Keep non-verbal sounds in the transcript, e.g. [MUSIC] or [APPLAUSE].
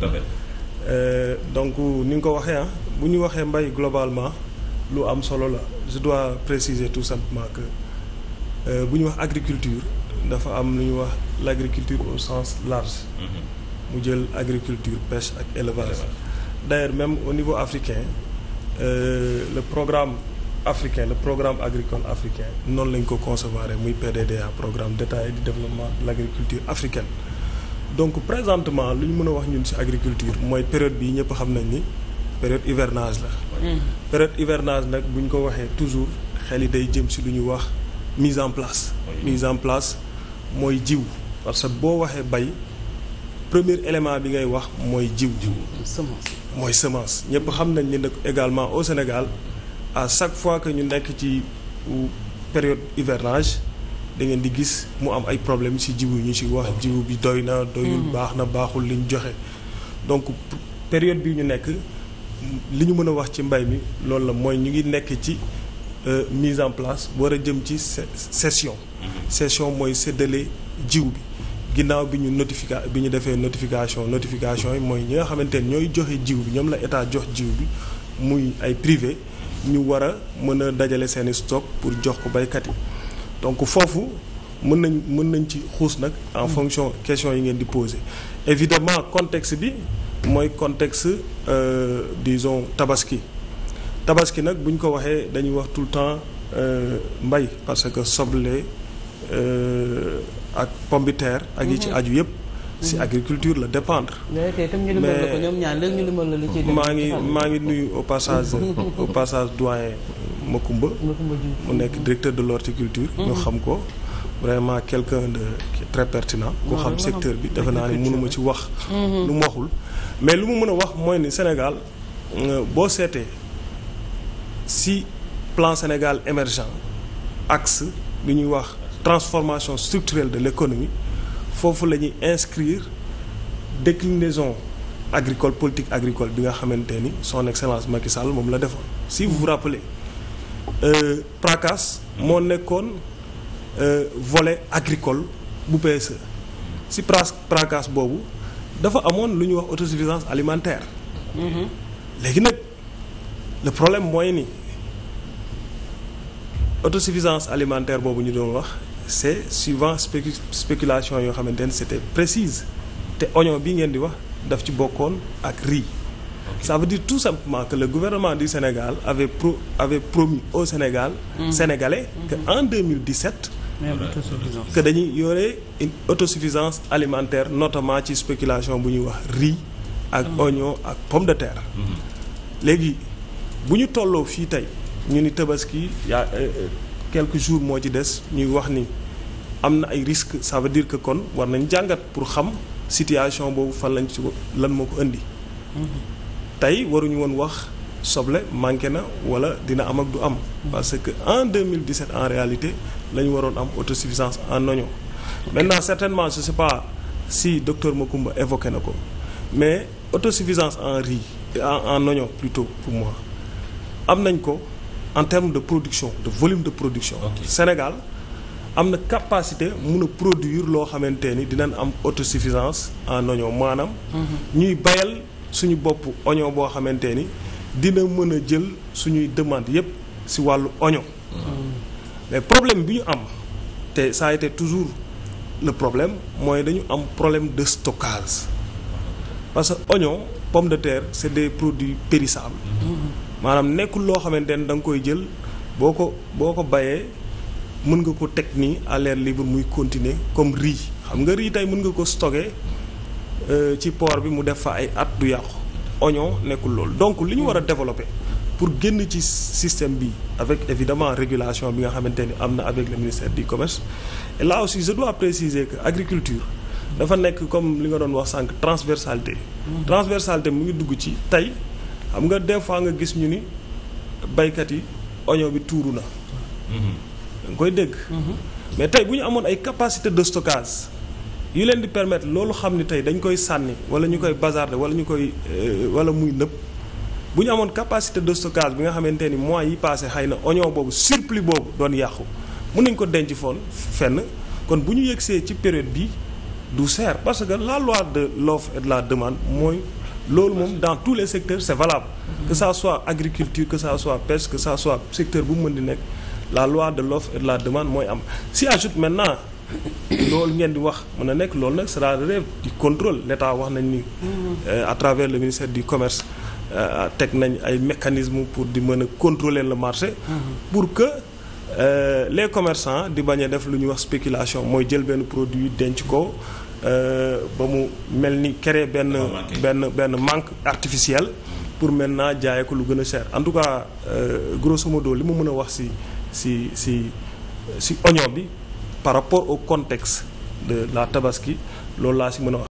tout euh, donc ni nga ko waxee ah bu ñu waxee mbay globalement lu am solo la je dois préciser tout simplement que euh, bu ñu wax agriculture dafa am lu ñu wax l' agriculture au sens large. Mm-hmm. mu jël agriculture pêche ak élevage. d' ailleurs même au niveau africain euh, le programme africain le programme agricole africain noonu lañ ko concevoir muy PDDA programme détaillé du développement de l' agriculture africaine. donc présentement lu ñu mën a wax ñun ci agriculture mooy période bi ñëpp xam nañ ni période hivernage la. Mm. période hivernage nag bu ñu ko waxee toujours xel yi day jëm si lu ñuy wax mise en place. mise en place mooy jiw parce que boo waxee bay premier élément bi ngay wax mooy jiw. jiw semence mooy semence ñëpp xam nañ ni nag également au Sénégal à chaque fois que ñu nekk ci période hivernage. da ngeen di gis mu am ay problème ci jiwu ñu ci wax jiwu bi doy na doyul mm-hmm. baax na baaxul liñ joxe donc période bi ñu nekk li ñu mën a wax ci mbay mi loolu la mooy ñu ngi nekk ci euh, mise en place war a jëm ci session mm-hmm. session mooy seddale jiw bi ginnaaw bi ñu notifica bi ñu defee notification notification yi mooy ñi nga xamante ne ñooy joxe jiw bi ñoom la état jox jiw bi muy ay privé ñu war a mën a dajale seeni stock pour jox ko baykat yi donc foofu mën nañ mën nañ ci xuus nag en mm. fonction question yi ngeen di poser évidemment contexte bi mooy contexte euh, disons tabaski tabaski nag buñ ko waxee dañuy wax tout le temps euh, mbay parce que soble euh, ak pomme ak yi ci mm-hmm. aju yëpp si mm-hmm. agriculture la dépendre. mais maa ngi maa ngi nuy au passage [LAUGHS] au passage doyen Makumba mu nekk directeur de l'horticulture ñu mhm. xam ko vraiment quelqu'un de très pertinent ku xam secteur bi defe naa ne mënuma ci wax mhm. lu mu waxul mais lu mu mën a wax mooy ni Sénégal euh, boo seetee si plan Sénégal émergent axe bi ñuy wax transformation structurelle de l'économie foofu la ñuy inscrire déclinaison agricole politique agricole bi nga xamante ni son excellence Macky Sall moom la defoon si vous vous Euh, PRACAS moo nekkoon euh, volet agricole bu PSE si PRACAS boobu dafa amoon lu ñuy wax autosuffisance alimentaire mm-hmm. léegi nag le problème mooy ni autosuffisance alimentaire boobu ñu doon wax c'est suivant spécu spéculation yoo xamante ne c'était précise te oignon bi ngeen di wax daf ci bokkoon ak riz ça veut tout simplement que le gouvernement du Sénégal avait pro avait promis au Sénégal mmh. sénégalais mm-hmm. que en 2017 que dañuy yore une autosuffisance alimentaire notamment ci spéculation bu ñuy wax riz ak mm-hmm. oignon ak pomme de terre mm-hmm. léegi bu ñu tolloo fii tey ñu ni tabaski yaa euh, euh, quelques jours moo ci des ñuy wax ni am na ay risques ça veut que kon war nañ jàngat pour xam situation boobu fan lañ ci lan moo ko indi tey waruñu woon wax soble manqué na wala dina am ak du am. parce que en 2017 en réalité la ñu waroon am autosuffisance en oignon. maintenant certainement je sais pas si docteur Macoumba évoqué na ko mais autosuffisance en riz en en oignon plutôt pour moi am nañ ko en termes de production de volume de production. Sénégal am na capacité mun a produire loo xamante ni dinañ am autosuffisance en oignon maanaam. Mhm. ñuy bayal. suñu bopp oignon boo xamante ni dina mën a jël suñuy demande yépp si wàllu oño mm. mais problème bi ñu am te ça a toujours le problème mooy dañu am problème de stockage parce que oignon pomme de terre c'est des produits périssables. Mm-hmm. maanaam nekkul loo xamante ni da nga koy jël boo ko boo ko bayee mën nga ko teg ni à l'air libre muy continuer comme riz xam nga riz tey mën nga ko stocker. Euh, ci port bi mu def fa ay at du yàqu oignon nekkul loolu donc li ñu war a développer pour génn ci système bi avec évidemment régulation bi nga xamante ni am na avec le ministère du commerce et là aussi je dois préciser que agriculture dafa nekk comme li nga doon wax sànq transversalité transversalité mu ngi dugg ci tey xam nga des fois nga gis ñu ni baykat yi oignon bi tuuru na mhm. da nga koy dégg mhm. mais tey bu ñu amoon ay capacité de stockage yu leen di permettre loolu xam ni tey dañ koy sànni wala ñu koy bazarder wala ñu koy euh, wala muy nëb bu ñu amoon capacité de stockage bi nga xamante ni mois yi passé xëy na oignon boobu surplus boobu doon yàqu mun nañ ko denc foon fenn kon bu ñu yegsee ci période bi du seer parce que la loi de l'offre et la demande mooy loolu moom dans tous les secteurs c'est valable que ça soit agriculture que ça soit pêche que ça soit secteur bu mu mën di nekk la loi de l'offre et la demande mooy am s'y maintenant loolu ngeen di wax mën a nekk loolu nag sera relève du contrôle l'état wax nañ ni. Euh, à travers le ministère di commerce euh, teg nañ ay mécanismes pour di mën a contrôler le marché. Mm-hmm. pour que euh, les commerçants di bañ a def lu ñuy wax spéculation mooy jël benn produit denc ko euh, ba mu mel ni créer benn. benn benn manque artificiel. pour maintenant jaayee ko lu gën a cher en tout cas euh, grosso modo li mu mën a wax ci ci ci ci oignon bi. par rapport au contexte de la tabaski loolu laa si mën a wax.